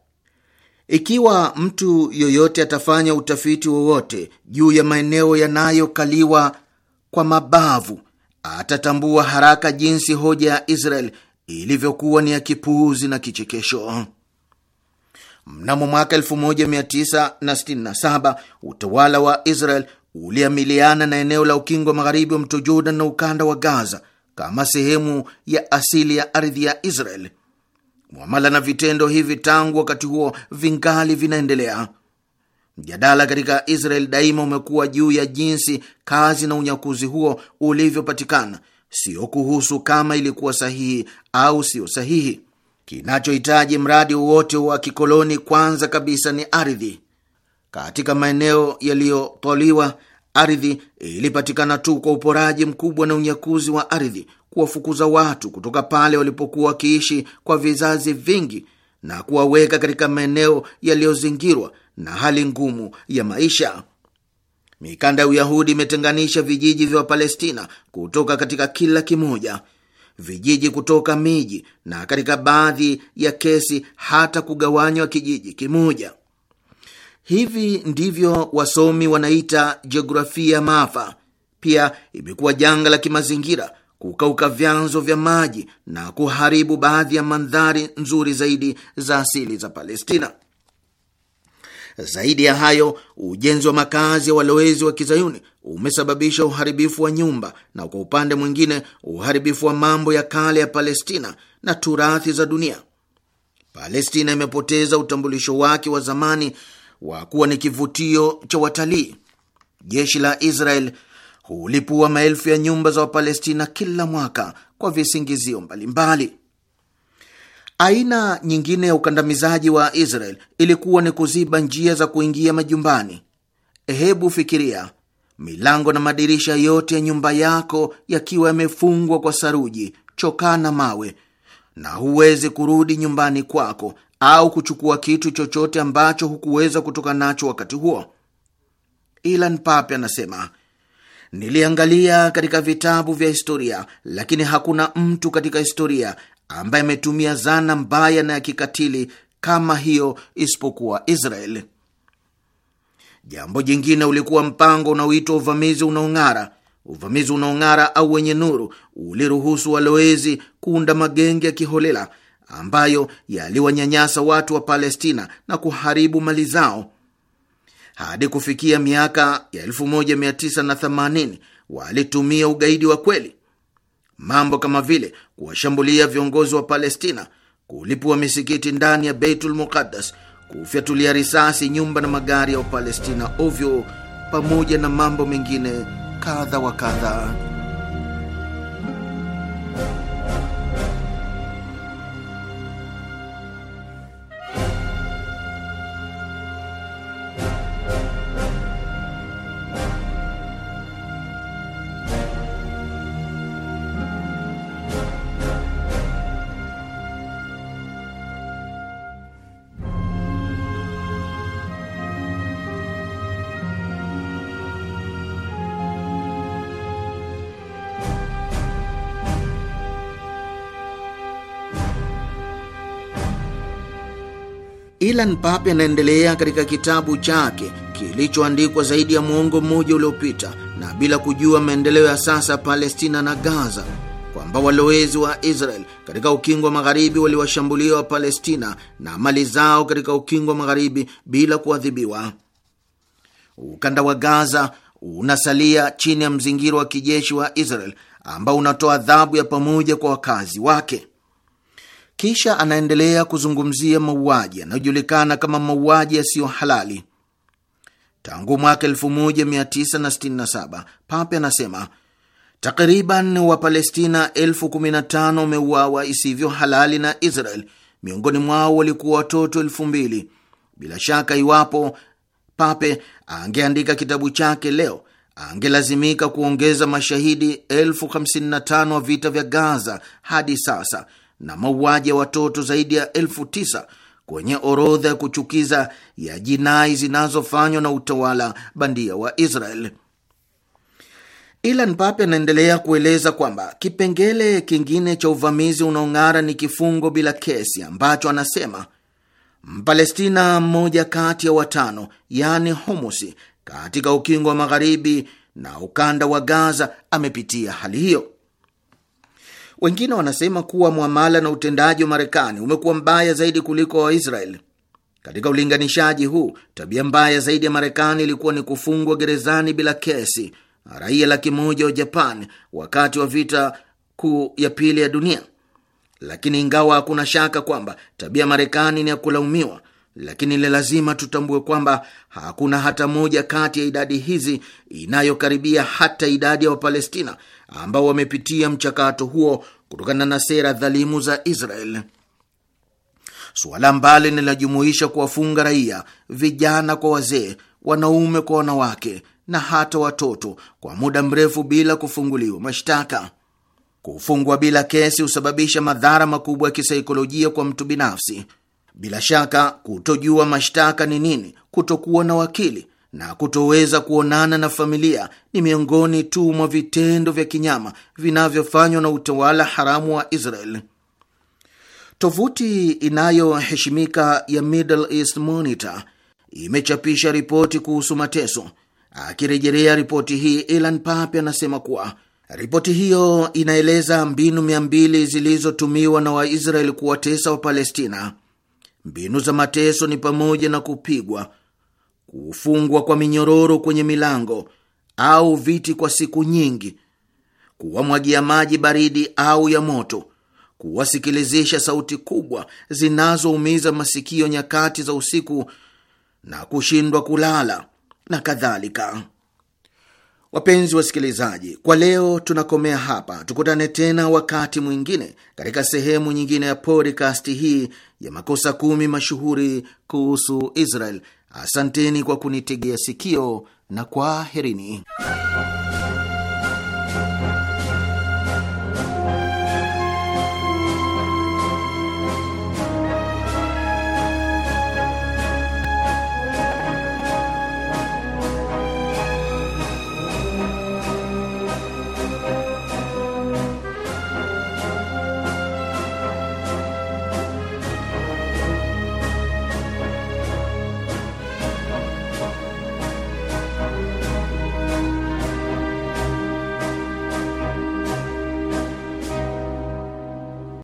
Ikiwa mtu yoyote atafanya utafiti wowote juu ya maeneo yanayokaliwa kwa mabavu, atatambua haraka jinsi hoja ya Israel ilivyokuwa ni ya kipuuzi na kichekesho. Mnamo mwaka 1967 utawala wa Israel uliamiliana na eneo la ukingo magharibi wa mto Jordan na ukanda wa Gaza kama sehemu ya asili ya ardhi ya Israel. Mwamala na vitendo hivi tangu wakati huo vingali vinaendelea. Mjadala katika Israel daima umekuwa juu ya jinsi kazi na unyakuzi huo ulivyopatikana, sio kuhusu kama ilikuwa sahihi au siyo sahihi. Kinachohitaji mradi wowote wa kikoloni kwanza kabisa ni ardhi. Katika maeneo yaliyotwaliwa ardhi ilipatikana tu kwa uporaji mkubwa na unyakuzi wa ardhi, kuwafukuza watu kutoka pale walipokuwa wakiishi kwa vizazi vingi na kuwaweka katika maeneo yaliyozingirwa na hali ngumu ya maisha. Mikanda ya Uyahudi imetenganisha vijiji vya Wapalestina kutoka katika kila kimoja, vijiji kutoka miji, na katika baadhi ya kesi hata kugawanywa kijiji kimoja. Hivi ndivyo wasomi wanaita jiografia maafa. Pia imekuwa janga la kimazingira, kukauka vyanzo vya maji na kuharibu baadhi ya mandhari nzuri zaidi za asili za Palestina. Zaidi ya hayo, ujenzi wa makazi ya walowezi wa kizayuni umesababisha uharibifu wa nyumba na kwa upande mwingine uharibifu wa mambo ya kale ya Palestina na turathi za dunia. Palestina imepoteza utambulisho wake wa zamani wa kuwa ni kivutio cha watalii. Jeshi la Israel hulipua maelfu ya nyumba za Wapalestina kila mwaka kwa visingizio mbalimbali. Aina nyingine ya ukandamizaji wa Israel ilikuwa ni kuziba njia za kuingia majumbani. Hebu fikiria milango na madirisha yote ya nyumba yako yakiwa yamefungwa kwa saruji, chokaa na mawe, na huwezi kurudi nyumbani kwako au kuchukua kitu chochote ambacho hukuweza kutoka nacho wakati huo. Ilan Pape anasema niliangalia katika vitabu vya historia, lakini hakuna mtu katika historia ambaye ametumia zana mbaya na ya kikatili kama hiyo isipokuwa israel Jambo jingine ulikuwa mpango unaoitwa uvamizi unaong'ara. Uvamizi unaong'ara au wenye nuru uliruhusu walowezi kuunda magenge ya kiholela ambayo yaliwanyanyasa watu wa Palestina na kuharibu mali zao hadi kufikia miaka ya 1980 walitumia ugaidi wa kweli, mambo kama vile kuwashambulia viongozi wa Palestina, kulipua misikiti ndani ya Beitul Muqaddas, kufyatulia risasi nyumba na magari ya Wapalestina ovyo, pamoja na mambo mengine kadha wa kadha. Ilan Pape anaendelea katika kitabu chake kilichoandikwa zaidi ya muongo mmoja uliopita na bila kujua maendeleo ya sasa Palestina na Gaza kwamba walowezi wa Israel katika ukingo wa magharibi waliwashambulia wa Palestina na mali zao katika ukingo wa magharibi bila kuadhibiwa. Ukanda wa Gaza unasalia chini ya mzingiro wa kijeshi wa Israel ambao unatoa adhabu ya pamoja kwa wakazi wake. Kisha anaendelea kuzungumzia mauaji yanayojulikana kama mauaji yasiyo halali. Tangu mwaka 1967 Pape anasema takriban Wapalestina elfu kumi na tano wameuawa isivyo halali na Israel, miongoni mwao walikuwa watoto elfu mbili. Bila shaka iwapo Pape angeandika kitabu chake leo angelazimika kuongeza mashahidi elfu hamsini na tano wa vita vya Gaza hadi sasa na mauaji ya watoto zaidi ya elfu tisa kwenye orodha ya kuchukiza ya jinai zinazofanywa na utawala bandia wa Israel. Ilan Pape anaendelea kueleza kwamba kipengele kingine cha uvamizi unaong'ara ni kifungo bila kesi ambacho anasema Mpalestina mmoja kati ya watano, yani Humusi, katika ukingo wa magharibi na ukanda wa Gaza amepitia hali hiyo. Wengine wanasema kuwa mwamala na utendaji wa Marekani umekuwa mbaya zaidi kuliko waisrael Katika ulinganishaji huu, tabia mbaya zaidi ya Marekani ilikuwa ni kufungwa gerezani bila kesi raia laki moja wa Japan wakati wa vita kuu ya pili ya dunia. Lakini ingawa hakuna shaka kwamba tabia Marekani ni ya kulaumiwa, lakini ni lazima tutambue kwamba hakuna hata moja kati ya idadi hizi inayokaribia hata idadi ya Wapalestina ambao wamepitia mchakato huo kutokana na sera dhalimu za Israel, suala ambalo linajumuisha kuwafunga raia, vijana kwa wazee, wanaume kwa wanawake na hata watoto kwa muda mrefu bila kufunguliwa mashtaka. Kufungwa bila kesi husababisha madhara makubwa ya kisaikolojia kwa mtu binafsi. Bila shaka, kutojua mashtaka ni nini, kutokuwa na wakili na kutoweza kuonana na familia ni miongoni tu mwa vitendo vya kinyama vinavyofanywa na utawala haramu wa Israel. Tovuti inayoheshimika ya Middle East Monitor imechapisha ripoti kuhusu mateso. Akirejelea ripoti hii, Elan Pape anasema kuwa ripoti hiyo inaeleza mbinu mia mbili zilizotumiwa na Waisraeli kuwatesa Wapalestina. Mbinu za mateso ni pamoja na kupigwa kufungwa kwa minyororo kwenye milango au viti kwa siku nyingi, kuwamwagia maji baridi au ya moto, kuwasikilizisha sauti kubwa zinazoumiza masikio nyakati za usiku na kushindwa kulala na kadhalika. Wapenzi wasikilizaji, kwa leo tunakomea hapa. Tukutane tena wakati mwingine katika sehemu nyingine ya podcast hii ya makosa kumi mashuhuri kuhusu Israel. Asanteni kwa kunitegea sikio na kwaherini.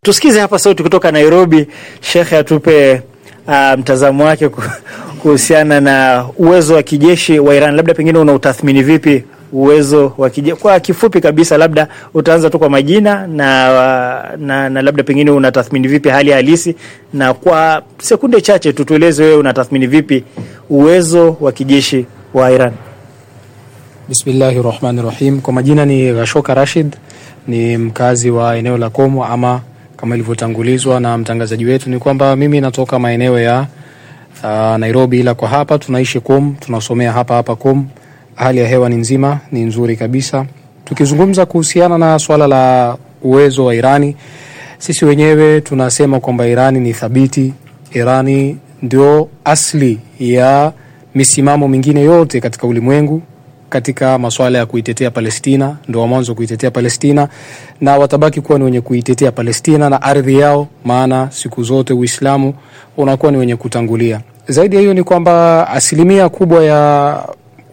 Tusikize hapa sauti kutoka Nairobi. Shekhe atupe uh, mtazamo wake kuhusiana na uwezo wa kijeshi wa Iran, labda pengine unautathmini vipi uwezo wa kijeshi kwa kifupi kabisa, labda utaanza tu kwa majina na, na, na labda pengine unatathmini vipi hali halisi, na kwa sekunde chache tutueleze wewe unatathmini vipi uwezo wa kijeshi wa Iran. Bismillahi rahmani rahim. Kwa majina ni Rashoka Rashid, ni mkazi wa eneo la Komo ama kama ilivyotangulizwa na mtangazaji wetu, ni kwamba mimi natoka maeneo ya uh, Nairobi, ila kwa hapa tunaishi Kum, tunasomea hapa hapa Kum. Hali ya hewa ni nzima, ni nzuri kabisa. Tukizungumza kuhusiana na swala la uwezo wa Irani, sisi wenyewe tunasema kwamba Irani ni thabiti. Irani ndio asli ya misimamo mingine yote katika ulimwengu katika masuala ya kuitetea Palestina, ndio wa mwanzo kuitetea Palestina na watabaki kuwa ni wenye kuitetea Palestina na ardhi yao, maana siku zote Uislamu unakuwa ni wenye kutangulia. Zaidi ya hiyo ni kwamba asilimia kubwa ya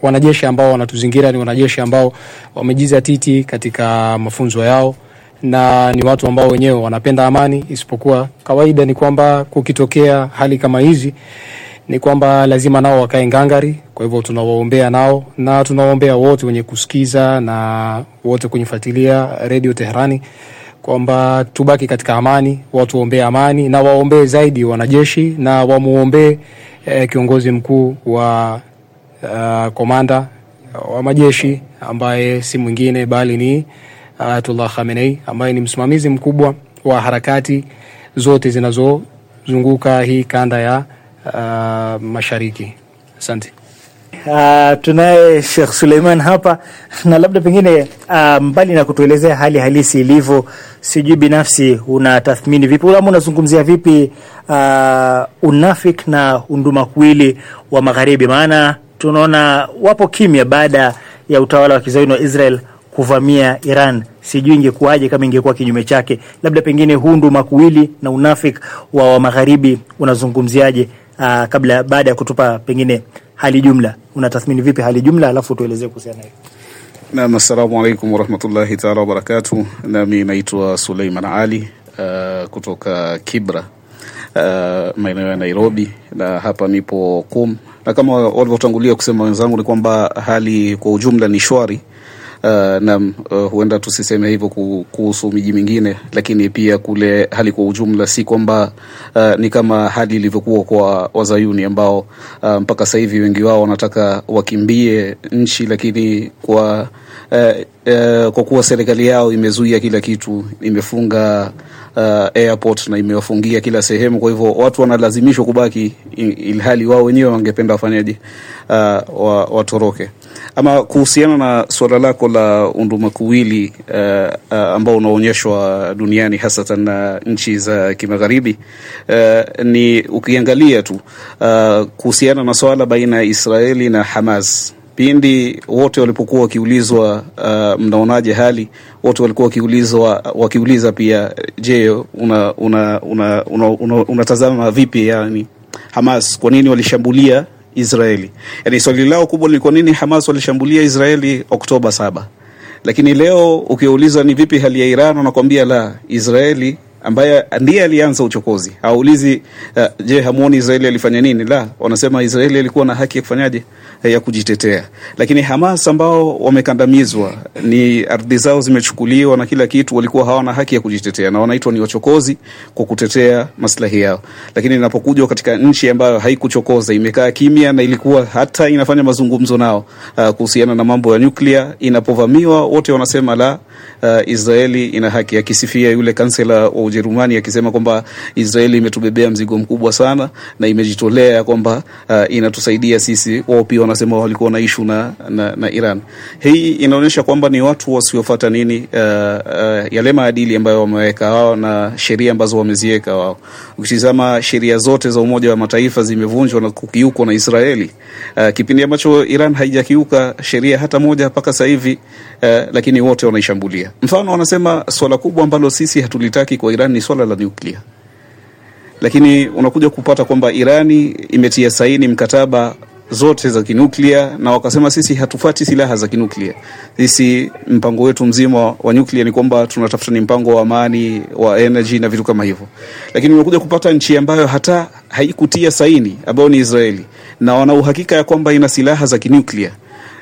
wanajeshi ambao wanatuzingira ni wanajeshi ambao wamejizatiti katika mafunzo yao na ni watu ambao wenyewe wanapenda amani, isipokuwa kawaida ni kwamba kukitokea hali kama hizi ni kwamba lazima nao wakae ngangari. Kwa hivyo tunawaombea nao na tunawaombea wote wenye kusikiza na wote kunyifuatilia redio Teherani kwamba tubaki katika amani, watu waombee amani na waombee zaidi wanajeshi na wamwombee eh, kiongozi mkuu wa uh, komanda wa majeshi ambaye si mwingine bali ni Ayatullah uh, Khamenei ambaye ni msimamizi mkubwa wa harakati zote zinazozunguka hii kanda ya uh, mashariki. Asante. Uh, tunaye Sheikh Suleiman hapa na labda pengine uh, mbali na kutuelezea hali halisi ilivyo, sijui binafsi unatathmini vipi ama unazungumzia vipi uh, unafik na undumakuwili wa magharibi? Maana tunaona wapo kimya baada ya utawala wa kizayuni wa Israel kuvamia Iran. Sijui ingekuwaje kama ingekuwa kinyume chake. Labda pengine huu ndumakuwili na unafik wa, wa magharibi unazungumziaje? uh, kabla baada ya kutupa pengine hali jumla, unatathmini vipi hali jumla, alafu tuelezee kuhusiana hiyo. Naam, assalamu alaikum warahmatullahi taala wabarakatu. Nami naitwa Suleiman Ali uh, kutoka Kibra uh, maeneo ya Nairobi, na hapa nipo Kum, na kama walivyotangulia kusema wenzangu ni kwamba hali kwa ujumla ni shwari Eh, na uh, eh, huenda tusiseme hivyo kuhusu miji mingine, lakini pia kule hali kwa ujumla si kwamba uh, ni kama hali ilivyokuwa kwa wazayuni ambao uh, mpaka sasa hivi wengi wao wanataka wakimbie nchi, lakini kwa uh, uh, kwa kuwa serikali yao imezuia kila kitu, imefunga uh, airport na imewafungia kila sehemu. Kwa hivyo watu wanalazimishwa kubaki ilhali wao wenyewe wangependa wafanyaje, uh, wa, watoroke. Ama kuhusiana na suala lako la undumakuwili uh, uh, ambao unaonyeshwa duniani hasatan na nchi za kimagharibi uh, ni ukiangalia tu uh, kuhusiana na swala baina ya Israeli na Hamas pindi wote walipokuwa wakiulizwa uh, mnaonaje hali, wote walikuwa wakiulizwa wakiuliza pia, je, unatazama una, una, una, una, una vipi yani Hamas kwa nini walishambulia Israeli? Yani swali lao kubwa ni kwa nini Hamas walishambulia Israeli Oktoba saba, lakini leo ukiuliza ni vipi hali ya Iran wanakwambia la Israeli ambaye ndiye alianza uchokozi. aulizi uh, eh, je, hamuoni Israeli alifanya nini? La, wanasema Israeli alikuwa na haki ya kufanyaje, eh, ya kujitetea. Lakini Hamas ambao wamekandamizwa, ni ardhi zao zimechukuliwa na kila kitu, walikuwa hawana haki ya kujitetea na wanaitwa ni wachokozi kwa kutetea maslahi yao. Lakini inapokujwa katika nchi ambayo haikuchokoza, imekaa kimya na ilikuwa hata inafanya mazungumzo nao eh, kuhusiana na mambo ya nyuklia, inapovamiwa wote wanasema la uh, Israeli ina haki, akisifia yule kansela wa Ujerumani akisema kwamba Israeli imetubebea mzigo mkubwa sana na imejitolea ya kwamba uh, inatusaidia sisi. Wao pia wanasema walikuwa na ishu na, na, na Iran. Hii inaonyesha kwamba ni watu wasiofuata nini uh, uh, yale maadili ambayo wameweka wao na sheria ambazo wameziweka wao. Ukitizama sheria zote za Umoja wa Mataifa zimevunjwa na kukiukwa na Israeli uh, kipindi ambacho Iran haijakiuka sheria hata moja mpaka sasa hivi uh, lakini wote wanaishambulia nyuklia. Mfano, wanasema swala kubwa ambalo sisi hatulitaki kwa Iran ni swala la nyuklia, lakini unakuja kupata kwamba Irani imetia saini mkataba zote za kinuklia na wakasema sisi hatufati silaha za kinuklia. Sisi mpango wetu mzima wa nuklia ni kwamba tunatafuta ni mpango wa amani wa energy na vitu kama hivyo, lakini unakuja kupata nchi ambayo hata haikutia saini ambayo ni Israeli, na wana uhakika ya kwamba ina silaha za kinuklia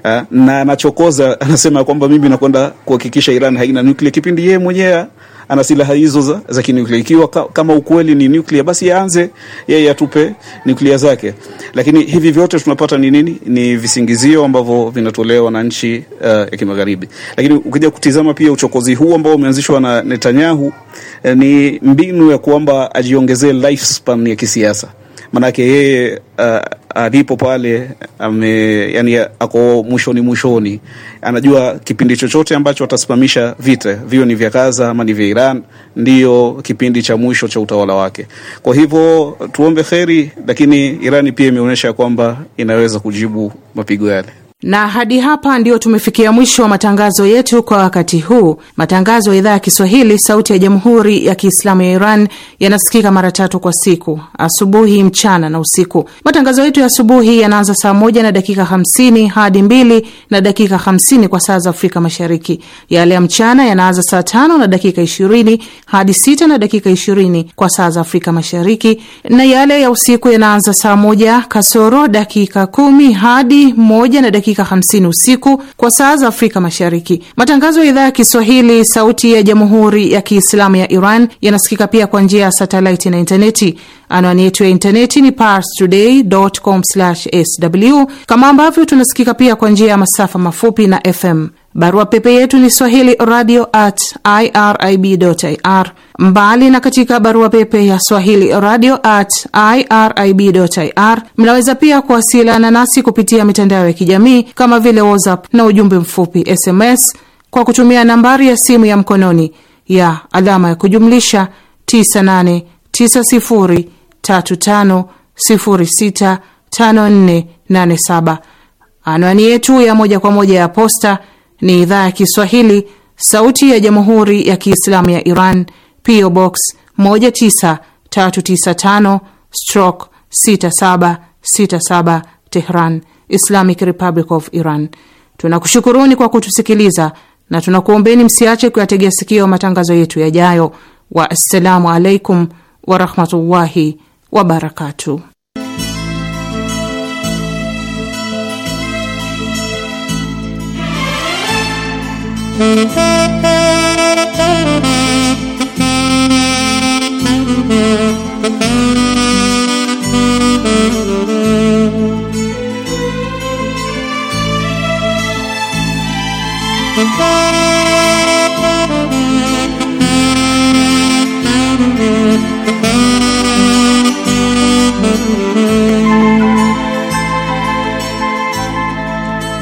ha, eh, na anachokoza anasema kwamba mimi nakwenda kuhakikisha Iran haina nuclear, kipindi yeye mwenyewe ana silaha hizo za, za kinuklia. Ikiwa ka, kama ukweli ni nuklia, basi aanze yeye atupe nuklia zake. Lakini hivi vyote tunapata ni nini? Ni visingizio ambavyo vinatolewa na nchi uh, ya Kimagharibi. Lakini ukija kutizama pia uchokozi huu ambao umeanzishwa na Netanyahu eh, ni mbinu ya kwamba ajiongezee lifespan ya kisiasa manake yeye uh, alipo pale ame, yani ako mwishoni mwishoni, anajua kipindi chochote ambacho atasimamisha vita vio ni vya Gaza ama ni vya Iran, ndiyo kipindi cha mwisho cha utawala wake. Kwa hivyo tuombe kheri, lakini Irani pia imeonyesha kwamba inaweza kujibu mapigo yale. Na hadi hapa ndiyo tumefikia mwisho wa matangazo yetu kwa wakati huu. Matangazo ya idhaa ya Kiswahili sauti ya jamhuri ya Kiislamu ya Iran yanasikika mara tatu kwa siku: asubuhi, mchana na usiku. Matangazo yetu ya asubuhi yanaanza saa moja na dakika hamsini hadi mbili na dakika hamsini kwa saa za Afrika Mashariki. Yale ya mchana yanaanza saa tano na dakika ishirini hadi sita na dakika ishirini kwa saa za Afrika Mashariki, na yale ya usiku yanaanza saa moja kasoro dakika kumi hadi moja na dakika dakika 50 usiku kwa saa za Afrika Mashariki. Matangazo ya idhaa ya Kiswahili sauti ya Jamhuri ya Kiislamu ya Iran yanasikika pia kwa njia ya satelaiti na intaneti. Anwani yetu ya intaneti ni parstoday.com/sw, kama ambavyo tunasikika pia kwa njia ya masafa mafupi na FM. Barua pepe yetu ni swahili radio at irib ir, mbali na katika barua pepe ya swahili radio at irib ir, mnaweza pia kuwasiliana nasi kupitia mitandao ya kijamii kama vile WhatsApp na ujumbe mfupi SMS kwa kutumia nambari ya simu ya mkononi ya alama ya kujumlisha 989035065487. Anwani yetu ya moja kwa moja ya posta ni idhaa ya Kiswahili, sauti ya jamhuri ya kiislamu ya Iran, PO Box 19395 stroke 6767 Tehran, Islamic Republic of Iran. Tunakushukuruni kwa kutusikiliza na tunakuombeni msiache kuyategea sikio matangazo yetu yajayo. Waassalamu alaikum warahmatullahi wabarakatu. you.